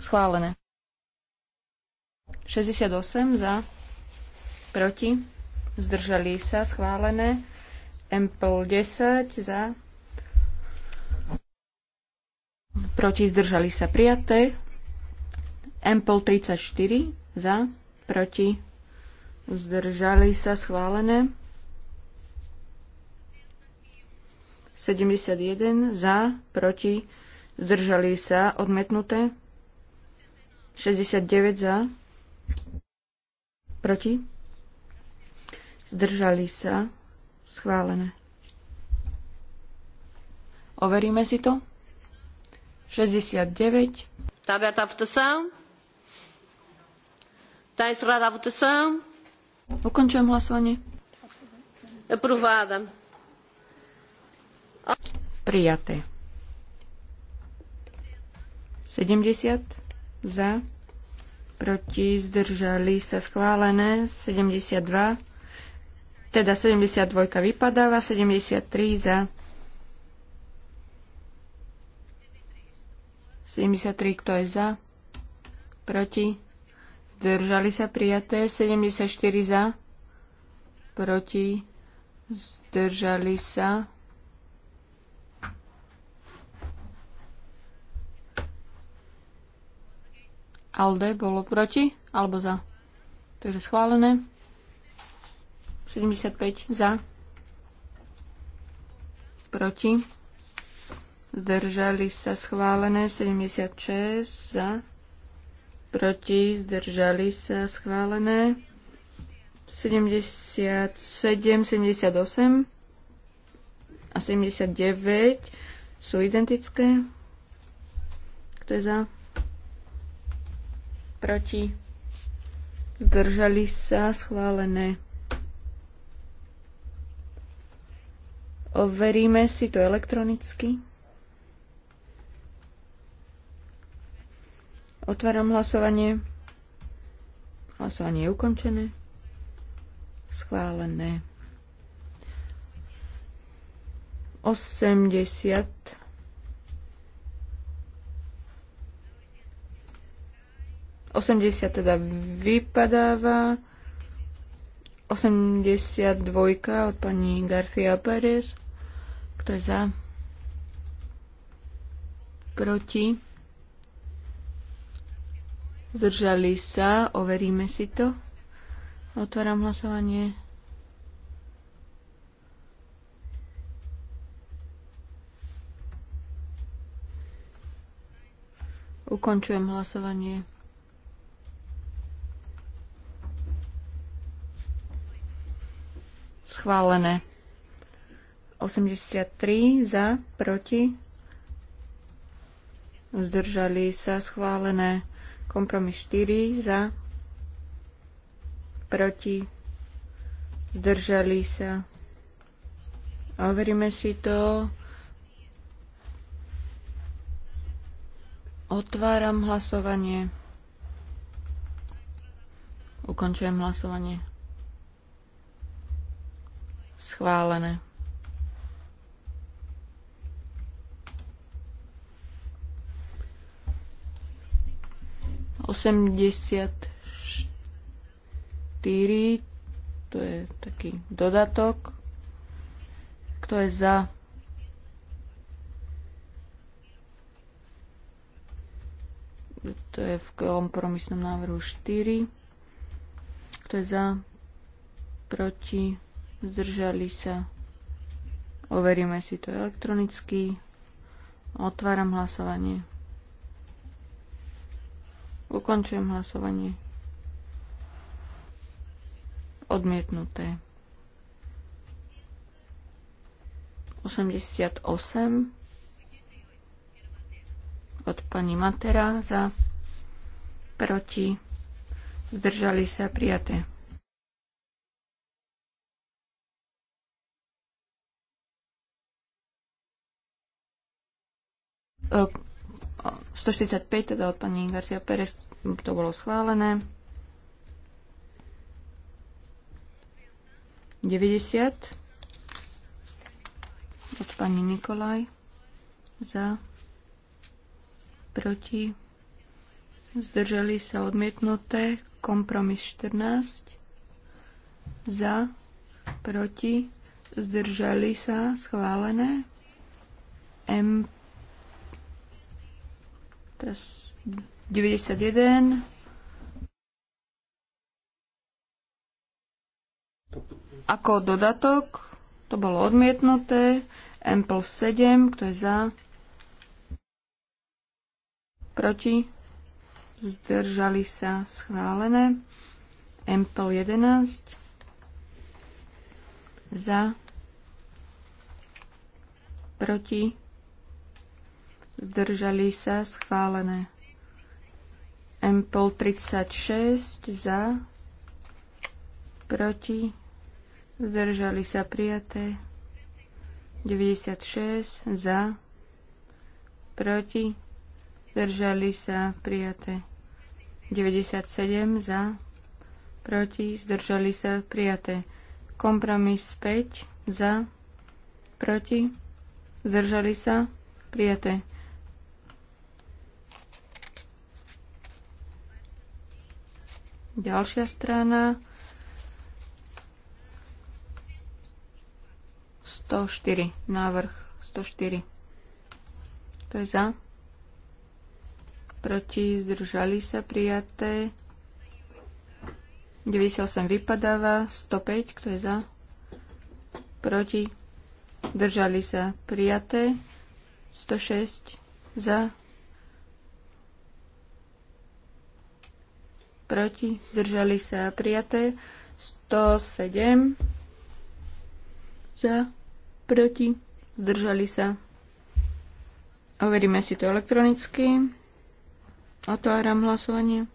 Schválené. 68 za, proti, zdržali sa, schválené. Empl 10 za, proti, zdržali sa, prijaté. Empl 34 za, proti, zdržali sa, schválené. 71 za, proti, zdržali sa, odmetnuté. 69 za. Proti? Zdržali sa. Schválené. Overíme si to. 69. Está aberta a votação. Está encerrada a Ukončujem hlasovanie. Aprovada. Prijaté. 70 za, proti, zdržali sa schválené, 72, teda 72 vypadáva, 73 za, 73 kto je za, proti, zdržali sa prijaté, 74 za, proti, zdržali sa ALDE bolo proti alebo za. Takže schválené. 75 za. Proti. Zdržali sa schválené. 76 za. Proti. Zdržali sa schválené. 77, 78 a 79 sú identické. Kto je za? proti, zdržali sa, schválené. Overíme si to elektronicky. Otváram hlasovanie. Hlasovanie je ukončené. Schválené. 80 80 teda vypadáva. 82 od pani Garcia Pérez. Kto je za? Proti? Zdržali sa. Overíme si to. Otváram hlasovanie. Ukončujem hlasovanie. schválené. 83 za, proti, zdržali sa, schválené. Kompromis 4 za, proti, zdržali sa. Overíme si to. Otváram hlasovanie. Ukončujem hlasovanie. Schválené. Osemdesiat štyri, to je taký dodatok. Kto je za? to je v kompromisnom návrhu štyri. Kto je za? Proti? zdržali sa. Overíme si to elektronicky. Otváram hlasovanie. Ukončujem hlasovanie. Odmietnuté. 88 od pani Matera za proti zdržali sa prijaté. 145 teda od pani Garcia Pérez to bolo schválené. 90 od pani Nikolaj za proti zdržali sa odmietnuté kompromis 14 za proti zdržali sa schválené MP Teraz 91. Ako dodatok, to bolo odmietnuté. M plus 7, kto je za? Proti? Zdržali sa schválené. M plus 11. Za? Proti? zdržali sa schválené. MPOL 36 za, proti, zdržali sa prijaté. 96 za, proti, zdržali sa prijaté. 97 za, proti, zdržali sa prijaté. Kompromis 5 za, proti, zdržali sa prijaté. Ďalšia strana. 104. Návrh 104. To je za. Proti zdržali sa prijaté. 98 vypadáva. 105. Kto je za? Proti. Držali sa prijaté. 106 za proti, zdržali sa a prijaté, 107 za, proti, zdržali sa. Overíme si to elektronicky. Otváram hlasovanie.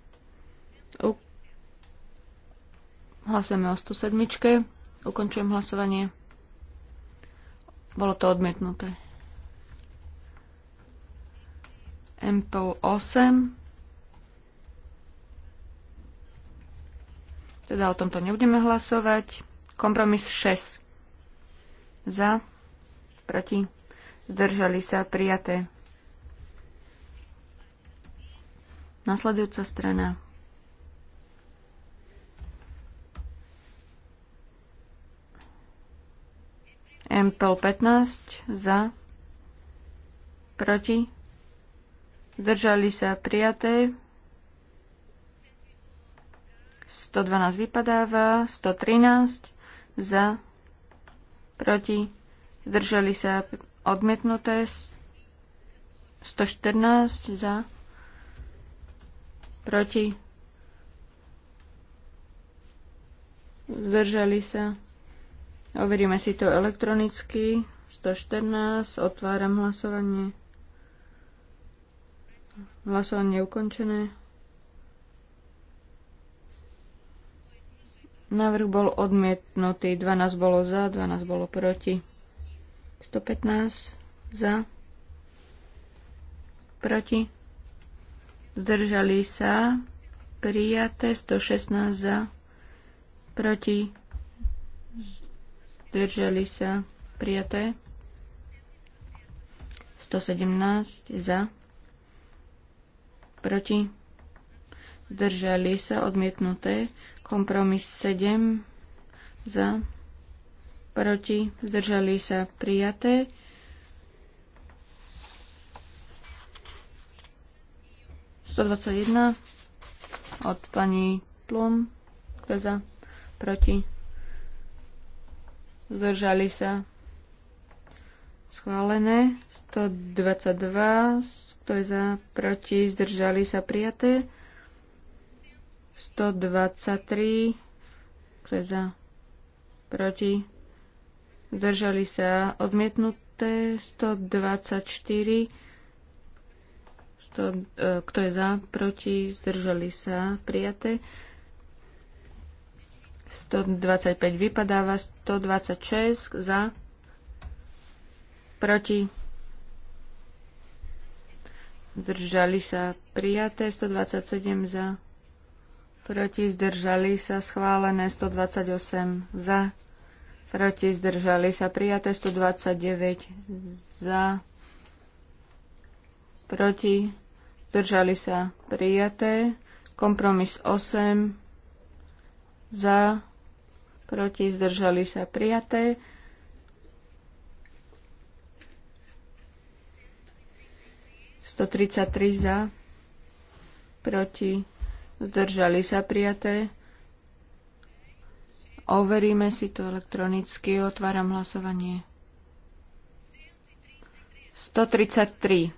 Hlasujeme o 107. Ukončujem hlasovanie. Bolo to odmietnuté. MPO 8 Teda o tomto nebudeme hlasovať. Kompromis 6. Za, proti, zdržali sa, prijaté. Nasledujúca strana. MPL 15 za, proti, zdržali sa prijaté. 112 vypadáva, 113 za, proti, zdržali sa odmietnuté, 114 za, proti, zdržali sa. Overíme si to elektronicky. 114, otváram hlasovanie. Hlasovanie ukončené. Návrh bol odmietnutý. 12 bolo za, 12 bolo proti. 115 za, proti. Zdržali sa. Prijaté 116 za, proti. Zdržali sa. Prijaté. 117 za, proti. Zdržali sa. Odmietnuté. Kompromis 7 za, proti, zdržali sa prijaté. Sto jedna od pani Plum, kto za, proti, zdržali sa schválené. 122, kto je za, proti, zdržali sa prijaté. 123, kto je za, proti, zdržali sa odmietnuté, 124, 100, e, kto je za, proti, zdržali sa prijaté, 125 vypadáva, 126 za, proti, zdržali sa prijaté, 127 za, proti zdržali sa schválené 128 za, proti zdržali sa prijaté 129 za, proti zdržali sa prijaté, kompromis 8 za, proti zdržali sa prijaté. Sto tridsaťtri za, proti Zdržali sa prijaté. Overíme si to elektronicky. Otváram hlasovanie. 133.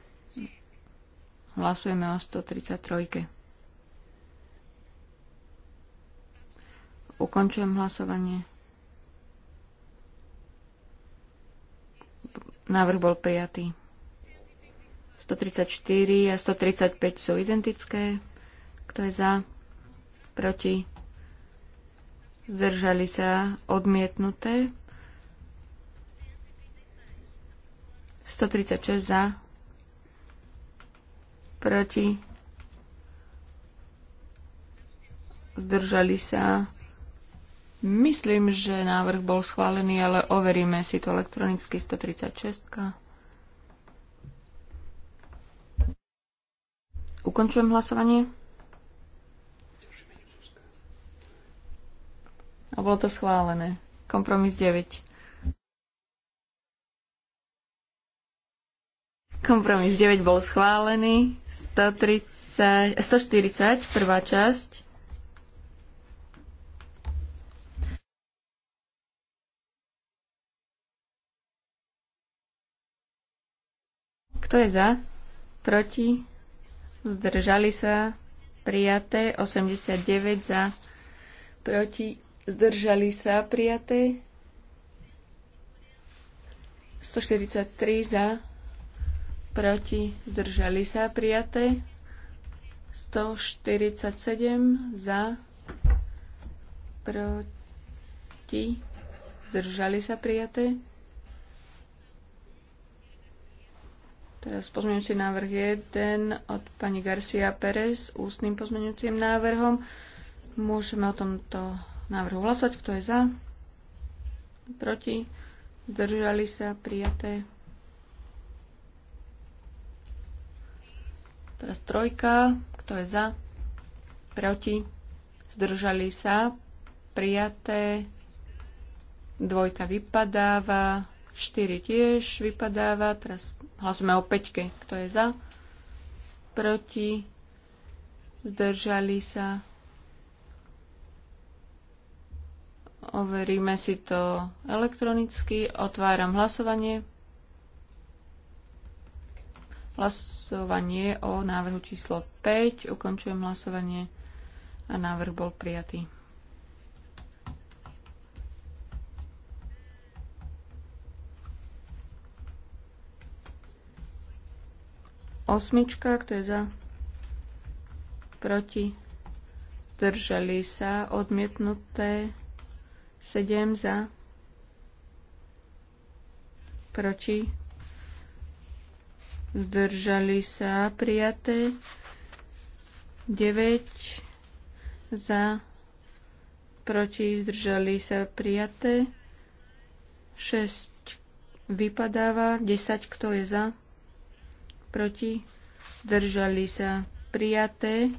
Hlasujeme o 133. Ukončujem hlasovanie. Návrh bol prijatý. 134 a 135 sú identické. Kto je za? Proti? Zdržali sa odmietnuté. 136 za. Proti. Zdržali sa. Myslím, že návrh bol schválený, ale overíme si to elektronicky 136. Ukončujem hlasovanie. A bolo to schválené. Kompromis 9. Kompromis 9 bol schválený. 130, 140, prvá časť. Kto je za? Proti? Zdržali sa? Prijaté. 89 za. Proti? zdržali sa prijaté, 143 za, proti, zdržali sa prijaté, 147 za, proti, zdržali sa prijaté. Teraz pozmeňujúci návrh 1 od pani Garcia Pérez ústnym pozmeňujúcim návrhom. Môžeme o tomto návrhu hlasovať. Kto je za? Proti? Zdržali sa? Prijaté? Teraz trojka. Kto je za? Proti? Zdržali sa? Prijaté? Dvojka vypadáva. 4 tiež vypadáva. Teraz hlasujeme o 5. Kto je za? Proti? Zdržali sa? Overíme si to elektronicky. Otváram hlasovanie. Hlasovanie o návrhu číslo 5. Ukončujem hlasovanie a návrh bol prijatý. Osmička, kto je za? Proti? Držali sa? Odmietnuté? 7 za, proti, zdržali sa prijaté, 9 za, proti, zdržali sa prijaté, 6 vypadáva, 10 kto je za, proti, zdržali sa prijaté,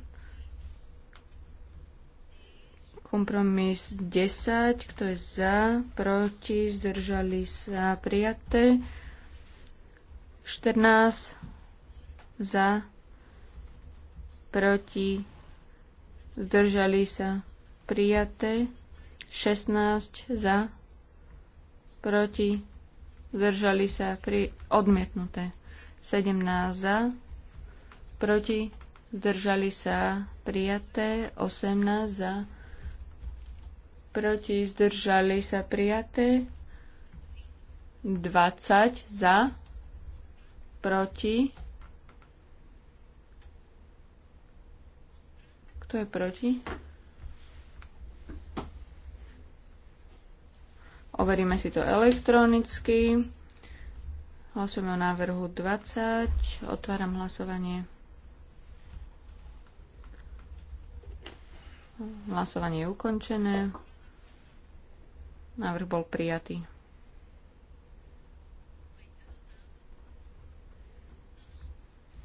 Kompromis 10, kto je za, proti, zdržali sa prijaté. 14 za, proti, zdržali sa prijaté. 16 za, proti, zdržali sa pri odmietnuté. 17 za, proti, zdržali sa prijaté. 18 za, proti, proti, zdržali sa prijaté. 20 za, proti. Kto je proti? Overíme si to elektronicky. Hlasujeme o návrhu 20. Otváram hlasovanie. Hlasovanie je ukončené. Návrh bol prijatý.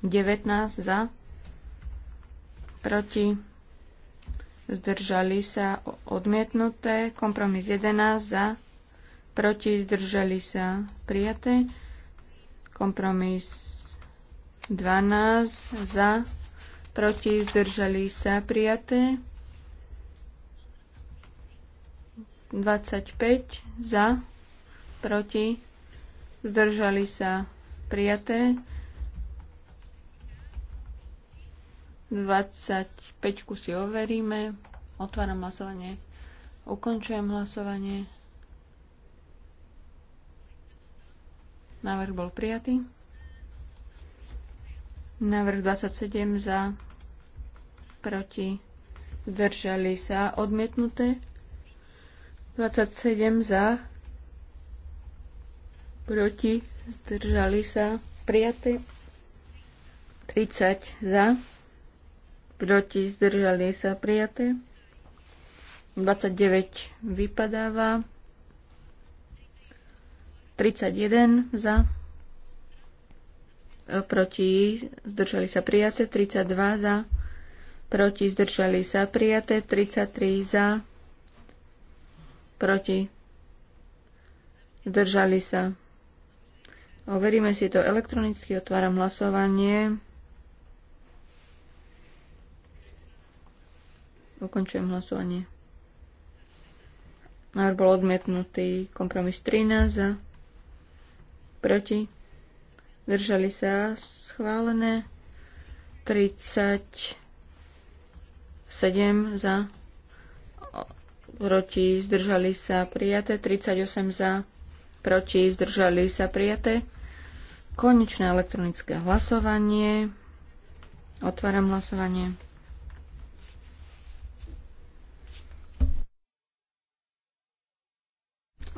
Devätnásť za, proti, zdržali sa odmietnuté, kompromis 11 za, proti, zdržali sa prijaté, kompromis 12 za, proti, zdržali sa prijaté, 25 za, proti, zdržali sa prijaté. 25 si overíme. Otváram hlasovanie. Ukončujem hlasovanie. Návrh bol prijatý. Návrh 27 za, proti, zdržali sa, odmietnuté. 27 za, proti, zdržali sa, prijaté. 30 za, proti, zdržali sa, prijaté. 29 vypadáva. 31 za, proti, zdržali sa, prijaté. 32 za, proti, zdržali sa, prijaté. 33 za, proti, zdržali sa. Overíme si to elektronicky, otváram hlasovanie. Ukončujem hlasovanie. Návrh bol odmietnutý. Kompromis 13 za. Proti. Držali sa. Schválené. 37 za proti, zdržali sa prijaté, 38 za, proti, zdržali sa prijaté. Konečné elektronické hlasovanie. Otváram hlasovanie.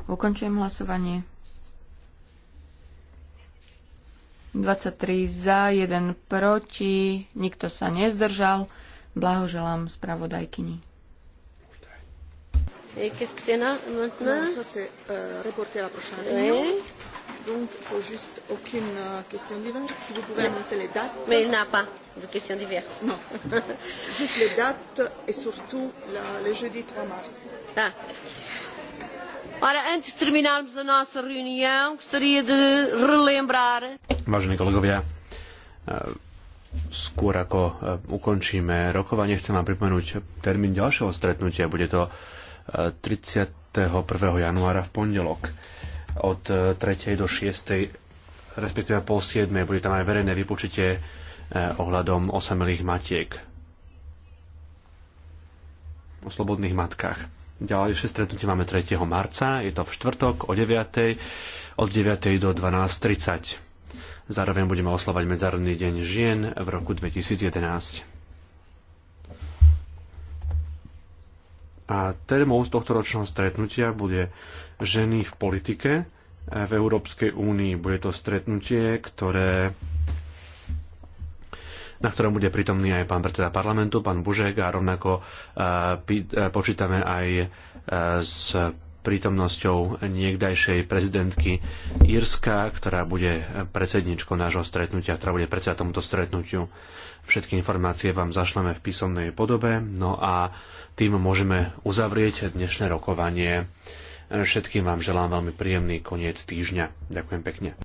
Ukončujem hlasovanie. 23 za, 1 proti, nikto sa nezdržal. Blahoželám spravodajkyni. Et qu'est-ce que c'est là maintenant non, Ça, c'est euh, reporté à la prochaine réunion. Donc, il faut juste aucune euh, question diverse. Si vous pouvez annoncer les dates. Mais il n'a pas de questions diverses. Non. *laughs* juste les dates et surtout la, le jeudi 3 mars. Ah. Ora, antes de terminarmos a nossa reunião, gostaria de relembrar. Vážení kolegovia, eh, skôr ako eh, ukončíme rokovanie, chcem vám pripomenúť termín ďalšieho stretnutia. Bude to 31. januára v pondelok od 3. Eh, do 6. respektíve pol 7. bude tam aj verejné vypočutie eh, ohľadom osamelých matiek o slobodných matkách. Ďalšie stretnutie máme 3. marca, je to v štvrtok o 9. od 9. do 12.30. Zároveň budeme oslovať Medzárodný deň žien v roku 2011. A témou z tohto ročného stretnutia bude ženy v politike e, v Európskej únii. Bude to stretnutie, ktoré na ktorom bude prítomný aj pán predseda parlamentu, pán Bužek a rovnako e, e, počítame aj s prítomnosťou niekdajšej prezidentky Írska, ktorá bude predsedničkou nášho stretnutia, ktorá bude predseda tomuto stretnutiu. Všetky informácie vám zašleme v písomnej podobe. No a tým môžeme uzavrieť dnešné rokovanie. Všetkým vám želám veľmi príjemný koniec týždňa. Ďakujem pekne.